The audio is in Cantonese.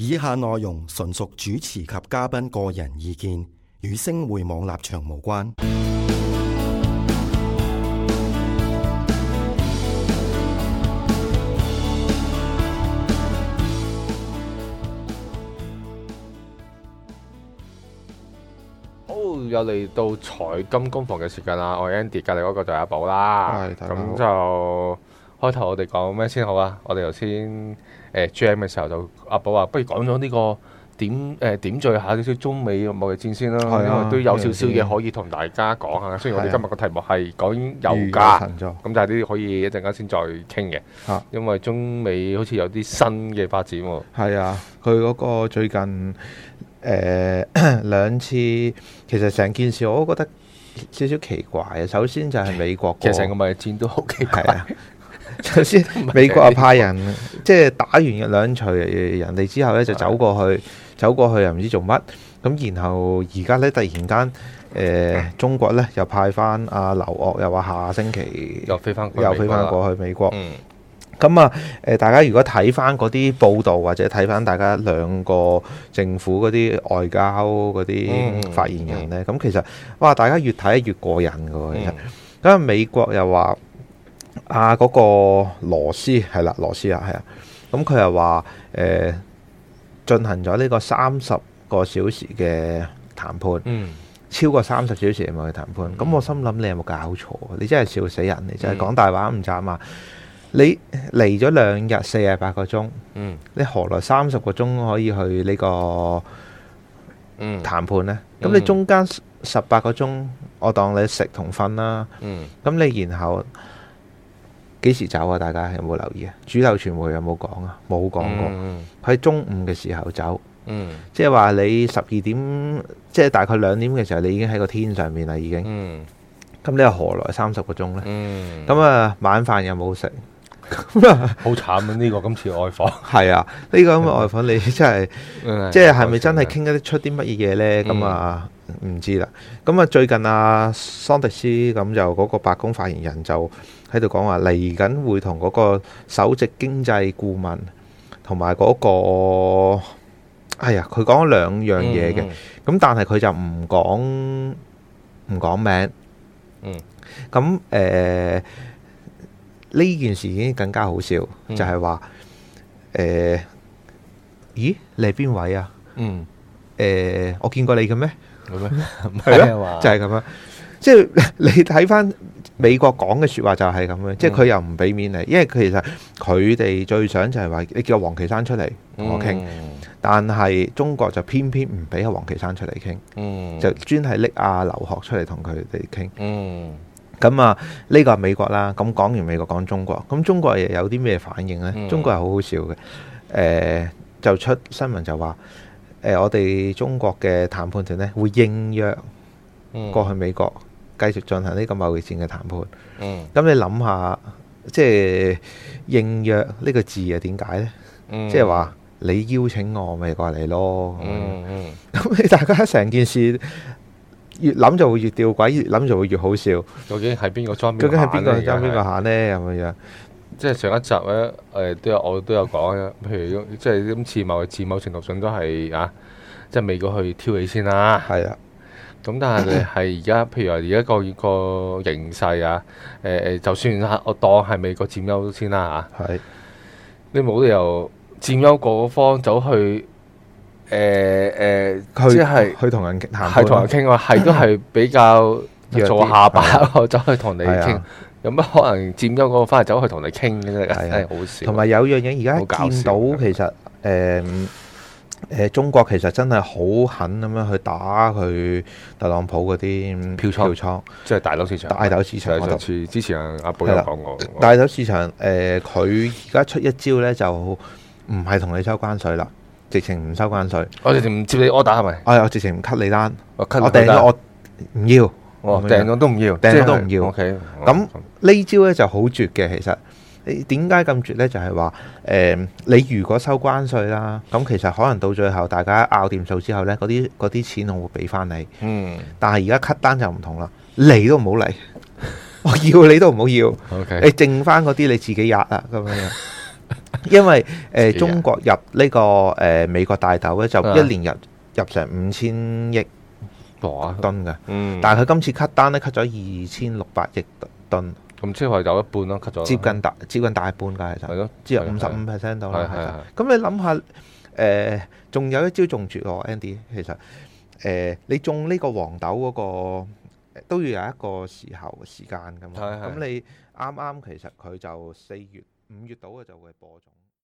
以下內容純屬主持及嘉賓個人意見，與星匯網立場無關。好，又嚟到財金工房嘅時間啦！我 Andy 隔籬嗰個就阿寶啦，咁就。開頭我哋講咩先好啊？我哋頭先誒 jam 嘅時候就阿寶話，不如講咗呢個點誒、呃、點綴下少少中美嘅貿易戰先啦、啊，啊、因為都有少少嘢可以同大家講下。雖然我哋今日個題目係講油價，咁、啊、但係啲可以一陣間先再傾嘅，因為中美好似有啲新嘅發展喎。係啊，佢嗰、啊、個最近誒、呃、 兩次，其實成件事我都覺得少少奇怪啊。首先就係美國，其實成個貿易戰都好奇怪、啊。首先， 美國啊派人即係打完兩錘人哋之後咧，就走過去，是的 走過去又唔知做乜，咁然後而家咧突然間誒、呃、中國咧又派翻阿劉岳，又話下星期又飛翻，又飛翻過去美國。咁、嗯、啊誒，大家如果睇翻嗰啲報道，或者睇翻大家兩個政府嗰啲外交嗰啲發言人咧，咁、嗯嗯、其實哇，大家越睇越過癮嘅喎，其實咁美國又話。啊！嗰個羅斯係啦，羅斯啊，係啊。咁佢又話：誒，進行咗呢個三十個小時嘅談判，超過三十小時去談判。咁我心諗你有冇搞錯？你真係笑死人！你真係講大話唔眨啊！你嚟咗兩日四十八個鐘，你何來三十個鐘可以去呢個嗯談判呢？咁你中間十八個鐘，我當你食同瞓啦。咁你然後。幾時走啊？大家有冇留意啊？主流傳媒有冇講啊？冇講過。喺中午嘅時候走，即係話你十二點，即係大概兩點嘅時候，你已經喺個天上面啦，已經。咁，嗯，你又何來三十個鐘呢？咁，嗯，啊，晚飯有冇食？好慘啊！呢、這個今次外訪係啊，呢個咁嘅外訪，你真係、嗯、即係，係咪真係傾得出啲乜嘢嘢咧？咁、嗯、啊，唔、嗯、知啦。咁、嗯、啊，最近阿、啊、桑迪斯咁就嗰個白宮發言人就喺度講話嚟緊會同嗰個首席經濟顧問同埋嗰個哎呀，佢講咗兩樣嘢嘅，咁但係佢就唔講唔講名，嗯，咁誒。呢件事已經更加好笑，嗯、就係話誒，咦，你係邊位啊？嗯，誒、呃，我見過你嘅咩？係咩嗎？係、 啊、就係咁樣。即、就、係、是、你睇翻美國講嘅說話就係咁樣，即係佢又唔俾面你，因為其實佢哋最想就係話你叫王岐山出嚟同我傾，嗯、但係中國就偏偏唔俾阿王岐山出嚟傾，嗯、就專係拎阿劉鶴出嚟同佢哋傾。嗯嗯咁啊，呢個係美國啦。咁講完美國，講中國。咁中國又有啲咩反應呢？嗯、中國係好好笑嘅。誒、呃，就出新聞就話，誒、呃，我哋中國嘅談判團呢，會應約過去美國繼續進行呢個貿易戰嘅談判。嗯。咁你諗下，即係應約呢個字啊，點解呢？嗯、即係話你邀請我，咪過嚟咯。嗯。咁你大家成件事。越諗就會越吊詭，越諗就會越好笑。究竟係邊個裝邊個行咧？咁樣，即係上一集咧，誒，都有我都有講，譬如即係啲自貿嘅某程度上都係啊，即係美國去挑起先啦。係啊。咁但係你係而家，譬如話而家個個形勢啊，誒誒，就算吓我當係美國佔優先啦，吓。係。你冇理由佔優嗰方走去。誒誒，佢即係去同人傾，係同人傾啊，係都係比較做下巴。我走去同你傾。有乜可能佔咗嗰個翻嚟走去同你傾嘅咧？係好少。同埋有樣嘢，而家見到其實誒誒，中國其實真係好狠咁樣去打佢特朗普嗰啲票倉，票倉即係大豆市場、大豆市場。上次之前阿貝有講過，大豆市場誒，佢而家出一招咧，就唔係同你抽關稅啦。直情唔收關稅，哎，我直情唔接你，你 order 係咪？我我直情唔 cut 你單，我 c 我訂咗我唔要，哦、我訂咗都唔要，訂咗都唔要。是 OK，咁呢招咧就好絕嘅，其實你點解咁絕咧？就係、是、話，誒、呃，你如果收關稅啦，咁其實可能到最後大家拗掂數之後咧，嗰啲嗰啲錢我會俾翻你。嗯。但係而家 cut 單就唔同啦，嚟都唔好嚟， 我要你都唔好要。O K，你剩翻嗰啲你自己壓啦，咁樣。因為誒中國入呢個誒美國大豆咧，就一年入入成五千億噚噸嘅，嗯，但係佢今次 cut 單咧 cut 咗二千六百億噸，咁超過有一半咯，cut 咗接近大接近大半㗎其實係咯，只有五十五 percent 到啦，係咁你諗下誒，仲有一招中絕喎 Andy，其實誒你種呢個黃豆嗰個都要有一個時候時間㗎嘛，咁你啱啱其實佢就四月五月到嘅就會播種。